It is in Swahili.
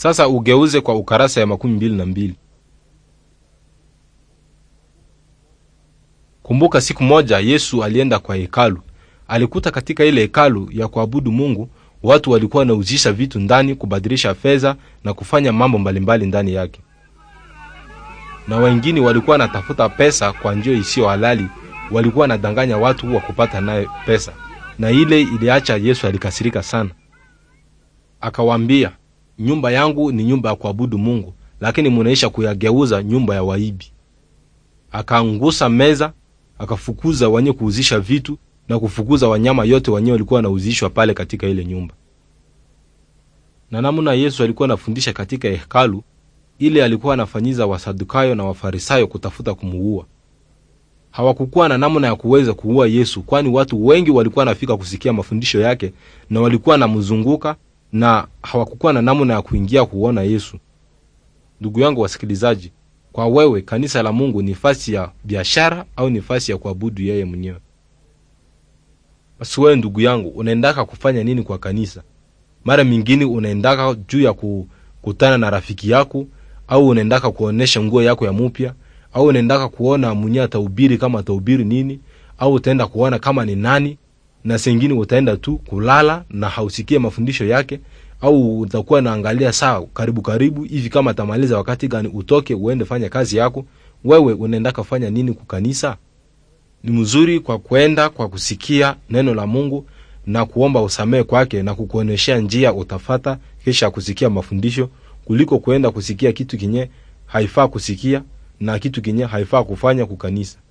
Sasa ugeuze kwa ukarasa ya makumi mbili na mbili. Kumbuka siku moja Yesu alienda kwa hekalu. Alikuta katika ile hekalu ya kuabudu Mungu watu walikuwa wanauzisha vitu ndani, kubadilisha fedha na kufanya mambo mbalimbali ndani yake, na wengine walikuwa wanatafuta pesa kwa njia isiyo halali. Walikuwa wanadanganya watu wa kupata naye pesa, na ile iliacha Yesu alikasirika sana, akawambia nyumba yangu ni nyumba ya kuabudu Mungu, lakini munaisha kuyageuza nyumba ya waibi. Akaangusa meza, akafukuza wenye kuuzisha vitu na kufukuza wanyama yote wenyewe walikuwa wanauzishwa pale katika ile nyumba. Na namna Yesu alikuwa anafundisha katika hekalu ile, alikuwa anafanyiza Wasadukayo na Wafarisayo kutafuta kumuua. Hawakukuwa na namna ya kuweza kuua Yesu, kwani watu wengi walikuwa nafika kusikia mafundisho yake na walikuwa anamzunguka na hawakukuwa na namna ya kuingia kuona Yesu. Ndugu yangu wasikilizaji, kwa wewe kanisa la Mungu ni fasi ya biashara au ni fasi ya kuabudu yeye mwenyewe? Basi wewe ndugu yangu, unaendaka kufanya nini kwa kanisa? Mara mingine unaendaka juu ya kukutana na rafiki yako, au unaendaka kuonesha nguo yako ya mupya, au unaendaka kuona mwenyewe ataubiri kama ataubiri nini, au utaenda kuona kama ni nani na sengine utaenda tu kulala na hausikie mafundisho yake, au utakuwa naangalia saa karibu karibu hivi kama tamaliza wakati gani, utoke uende fanya kazi yako. Wewe unaenda kafanya nini kukanisa? Ni mzuri kwa kwenda kwa kusikia neno la Mungu na kuomba usamehe kwake na kukuoneshea njia utafata kisha kusikia mafundisho, kuliko kwenda kusikia kitu kinye haifaa kusikia na kitu kinye haifaa kufanya kukanisa.